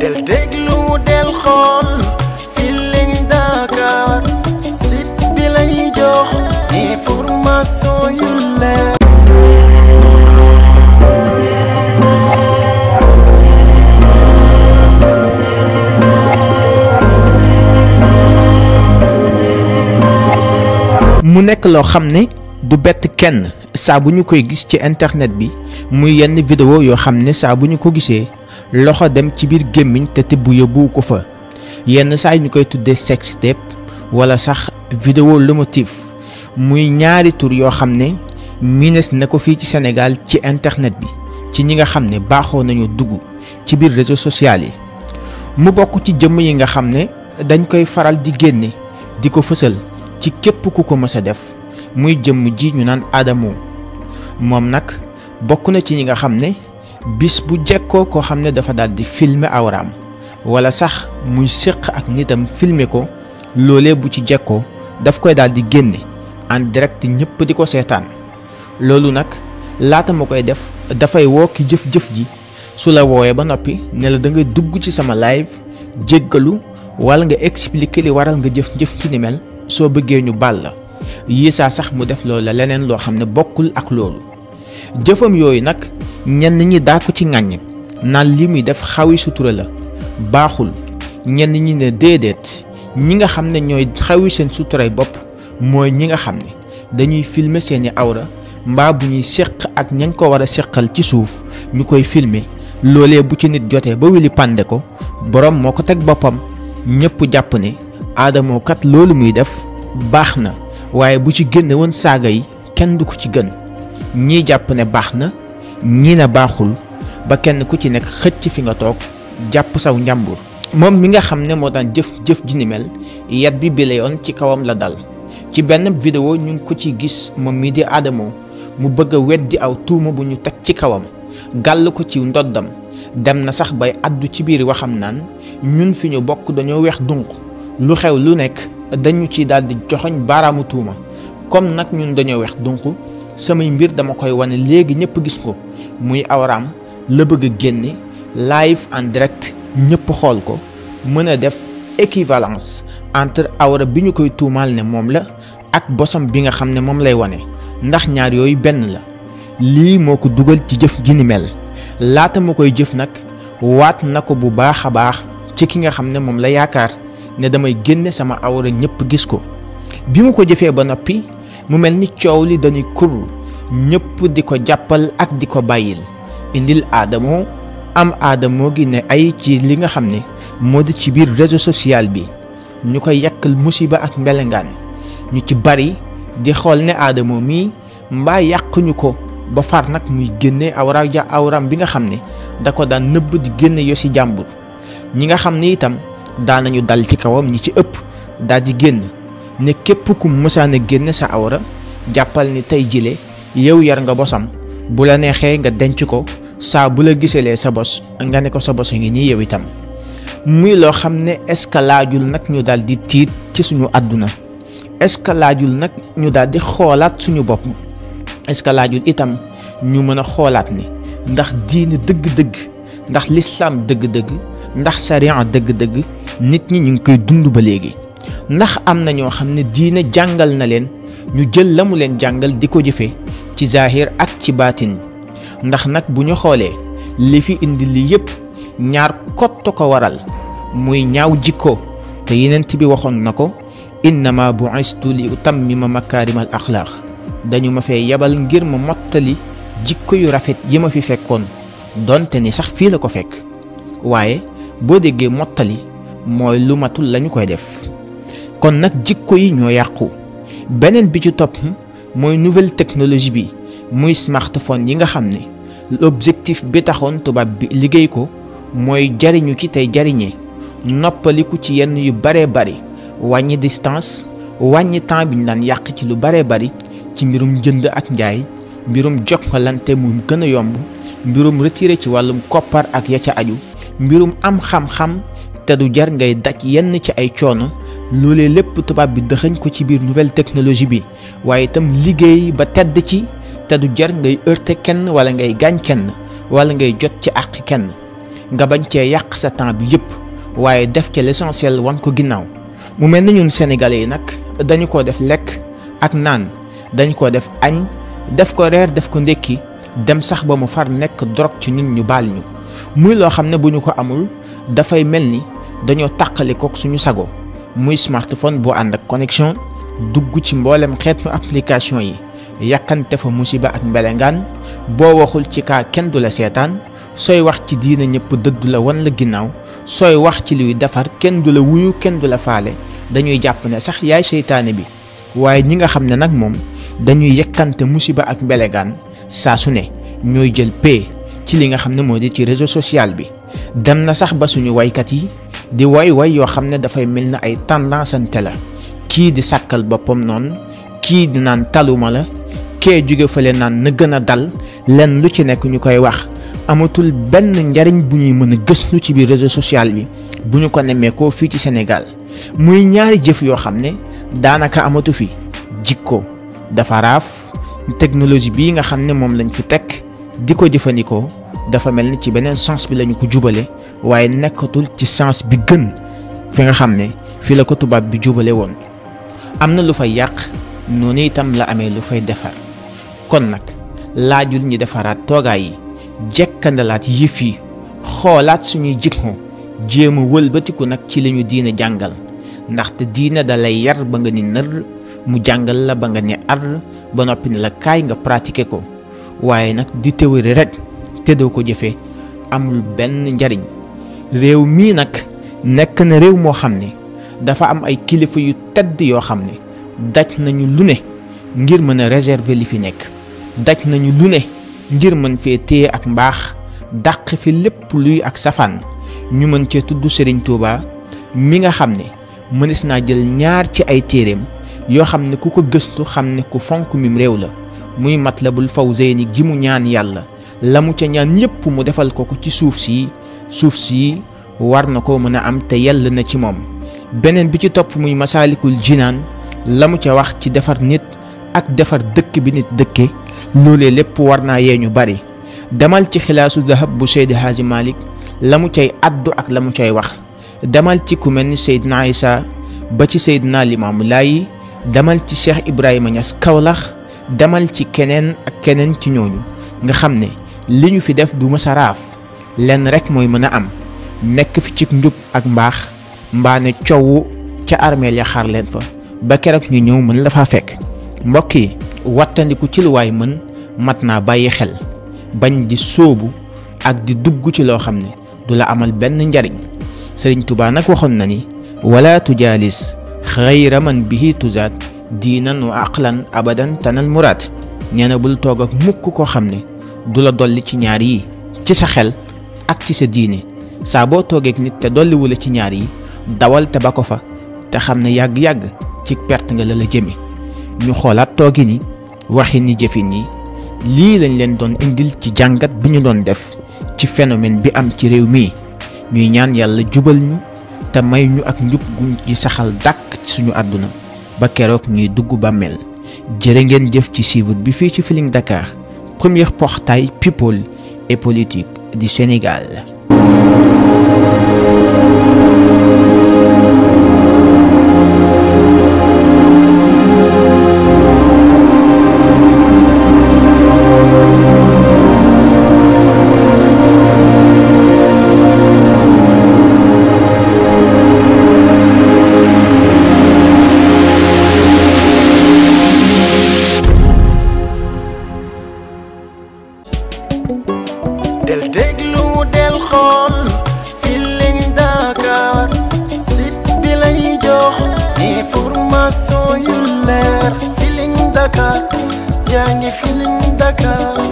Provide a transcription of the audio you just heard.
mu nekk loo xam ne du bett kenn saa bu ñu koy gis ci internet bi muy yenn vidéo yoo xam ne saa bu ñu ko gisee loxo dem ci biir gémmiñ te tibb yóbbu ko fa yenn saa yi ñu koy tuddee sex tape wala sax vidéo lomotif muy ñaari tur yoo xam ne miines na ko fii ci senegal ci internet bi ci ñi nga xam ne baaxoo nañu dugg ci biir réseaux sociaux yi mu bokk ci jëmm yi nga xam ne dañ koy faral di génne di ko fësal ci képp ku ko mës def muy jëmm ji ñu naan Adamo moom nag bokk na ci ñi nga xam ne bis bu jekkoo koo xam ne dafa daal di filmer awraam wala sax muy séq ak nitam filmer ko loolee bu ci jekkoo daf koy daal di génne en direct ñëpp di ko seetaan loolu nag laata ma koy def dafay woo jëf-jëf ji su la woowee ba noppi ne la da nga dugg ci sama live jéggalu wala nga expliquer li waral nga jëf-jëf ci soo bëggee ñu baal la yi saa sax mu def loolu la leneen loo xam ne bokkul ak loolu jëfam yooyu nag ñenn ñi daa ko ci ŋàññ naan li muy def xawi sutura la baaxul ñenn ñi ne déedéet ñi nga xam ne ñooy xawi seen suturay bopp mooy ñi nga xam ne dañuy filmer seeni awra mbaa bu ñuy seq ak ñañ ko war a seqal ci suuf ñu koy filme loolee bu ci nit jotee ba wili pande ko boroom moo ko teg boppam ñëpp jàpp ne aadamoo kat loolu muy def baax na waaye bu ci génn woon saaga yi kenn du ko ci gën ñii jàpp ne baax na ñi ne baaxul ba kenn ku ci nekk xëcc fi nga toog jàpp saw njàmbur moom mi nga xam ne moo daan jëf jëf ji ni mel yet bi bi la yoon ci kawam la dal ci benn vidéo ñu ngi ko ci gis moom mii di Adamo mu bëgg a weddi aw tuuma bu ñu teg ci kawam gàll ko ci ndoddam dem na sax bay addu ci biir waxam naan ñun fi ñu bokk dañoo weex dunq lu xew lu nekk dañu ci daal di joxoñ baaraamu tuuma comme nag ñun dañoo weex dunq samay mbir dama koy wane léegi ñëpp gis ko muy awraam la bëgg génne live en direct ñëpp xool ko mën a def équivalence entre awra bi ñu koy tuumaal ne moom la ak bosom bi nga xam ne moom lay wane ndax ñaar yooyu benn la lii moo ko dugal ci jëf gi ni mel laata ma koy jëf nag waat na ko bu baax a baax ci ki nga xam ne moom la yaakaar ne damay génne sama awra ñëpp gis ko bi mu ko jëfee ba noppi mu mel ni coow li dañuy kurru ñëpp di ko jàppal ak di ko bàyyil indil aadamoo am aadamoo gi ne ay ci li nga xam ne moo di ci biir réseau social bi ñu koy yàkkal musiba ak mbelengaan ñu ci bari di xool ne aadamoo mii mbaa yàquñu ko ba far nag muy génne awra bi nga xam ne da ko daan nëbb di génne yo si ñi nga xam ni itam daa nañu dal ci kawam ñi ci ëpp daal di génn ne képp ku mësaan génne sa awra jàppal ni tey jile yow yar nga bosam bu la neexee nga denc ko saa bu la gisalee sa bos nga ne ko sa bos a ngi nii yow itam muy loo xam ne est-ce que laajul nag ñu daal di tiit ci suñu àdduna est-ce que laajul nag ñu daal di xoolaat suñu bopp est-ce que laajul itam ñu mën a xoolaat ni ndax diine dëgg-dëgg ndax lislaam dëgg-dëgg ndax sariya dëgg-dëgg nit ñi ñu ngi koy dund ba léegi ndax am na ñoo xam ne diine jàngal na leen ñu jël la mu leen jàngal di ko jëfe ci zahir ak ci baatin ndax nag bu ñu xoolee li fi indi lii yépp ñaar kott ko waral muy ñaaw jikko te yenent bi waxoon na ko innama bu'istu li utammima makaarimal axlaaq dañu ma fee yebal ngir ma mottali jikko yu rafet yi ma fi fekkoon doonte ni sax fii la ko fekk waaye boo déggee mottali mooy lu matul lañu koy def kon nag jikko yi ñoo yàqu beneen bi ci topp mooy nouvelle technologie bi muy smartphone yi nga xam ne l'objectif bi taxoon tubaab bi liggéey ko mooy jariñu ci tey jariñe noppaliku ci yenn yu baree bari wàññi distance wàññi temps bi ñu daan yàq ci lu baree bari ci mbirum jënd ak njaay mbirum jokkalante mu gën a yomb mbirum retiré ci wàllum koppar ak ya ca aju mbirum am xam-xam te du jar ngay daj yenn ci ay coono loolee lépp tubaab bi dëxëñ ko ci biir nouvelle technologie bi waaye itam liggéey ba tedd ci te du jar ngay heurter kenn wala ngay gaañ kenn wala ngay jot ci àq kenn nga bañ cee yàq sa temps bi yëpp waaye def ca l'essentiel wan ko ginnaaw mu mel ni ñun sénégalais yi nag dañu ko def lekk ak naan dañu ko def añ def ko reer def ko ndékki dem sax ba mu far nekk drogue ci nit ñu baal ñu muy loo xam ne bu ñu ko amul dafay mel ni dañoo tàqali kook suñu sago muy smartphone boo ànd ak connexion dugg ci mboolem xeetu application yi yàkkante fa musiba ak mbelengaan boo waxul ci kaa kenn du la seetaan sooy wax ci diina ñëpp dëddu la wan la ginnaaw sooy wax ci luy defar kenn du la wuyu kenn du la faale dañuy jàpp ne sax yaay seytaane bi waaye ñi nga xam ne nag moom dañuy yëkkante musiba ak mbelegaan saa su ne ñooy jël pay ci li nga xam ne moo di ci réseau sociale bi dem na sax ba suñu waykat yi di woy woy yoo xam ne dafay mel na ay tandasante la kii di sàkkal boppam noonu kii di naan taluma la kee jóge fële naan na gën a dal lenn lu ci nekk ñu koy wax amatul benn njariñ bu ñuy mën a gëstu ci biir réseau sociale bi bu ñu ko nemmee koo fii ci Sénégal muy ñaari jëf yoo xam ne daanaka amatu fi jikko dafa raaf technologie bii nga xam ne moom lañu fi teg di ko jëfandikoo dafa mel ni ci beneen sens bi lañu ko jubale waaye nekkatul ci sens bi gën fi nga xam ne fii la ko tubaab bi jubale woon am na lu fay yàq noonu itam la amee lu fay defar kon nag laajul ñi defaraat toogaay yi jekkandalaat yëf yi xoolaat suñuy jikko jéem a wëlbatiku nag ci li ñu diine jàngal ndaxte diine da lay yar ba nga ni nër mu jàngal la ba nga ni ar ba noppi ni la kaay nga pratiquer ko waaye nag di théorie rek te doo ko jëfee amul benn njariñ réew mii nag nekk na réew moo xam ne dafa am ay kilifa yu tedd yoo xam ne daj nañu lu ne ngir mën a réserver fi nekk daj nañu lu ne ngir mën fee téye ak mbaax dàq fi lépp luy ak safaan ñu mën cee tudd Serigne Touba mi nga xam ne mënees naa jël ñaar ci ay téeréem yoo xam ne ku ko gëstu xam ne ku fonk mim réew la muy Matlabul Fawzayni ji mu ñaan yàlla la mu ca ñaan yépp mu defal ko ko ci suuf si suuf si war na ko mën a am te yell na ci moom beneen bi ci topp muy masaalikul jinaan la mu ca wax ci defar nit ak defar dëkk bi nit dëkke loolee lépp war naa yee ñu bari demal ci xilaasu dahab bu Seydi Haaji Malik la mu cay addu ak la mu cay wax demal ci ku mel ni Seydina ba ci Seydina Limaamu Laay demal ci Cheikh Ibrahima Ñas Kawlax demal ci keneen ak keneen ci ñooñu nga xam ne li ñu fi def du mës raaf lenn rek mooy mën a am nekk fi ci njub ak mbaax mbaa ne coow ca armeel ya xaar leen fa ba keroog ñu ñëw mën la faa fekk mbokk yi wattandiku ci lu waay mën mat naa bàyyi xel bañ di sóobu ak di dugg ci loo xam ne du la amal benn njariñ Sëriñ Tuubaa nag waxoon na ni wala tujaalis xayra man bihi tuzaat diinan wa aqlan abadan tanal muraad nee na bul toog ak mukk koo xam ne du la dolli ci ñaar yi ci sa xel ak ci sa diine saa boo toogeek nit te dolliwu la ci ñaar yi dawal te ba ko fa te xam ne yàgg-yàgg ci perte nga la la jëme ñu xoolaat toogi ni waxi ni jëfin yi lii lañ leen doon indil ci jàngat bi ñu doon def ci phénomène bi am ci réew mii ñuy ñaan yàlla jubal ñu te may ñu ak njub guñ ci saxal dàkk suñu àdduna ba keroog ñuy dugg bàmmeel jërë ngeen jëf ci suivre bi fii ci Feeling dakaar premier portail people et politique du Sénégal. Dakar yaa ngi Feeling Dakar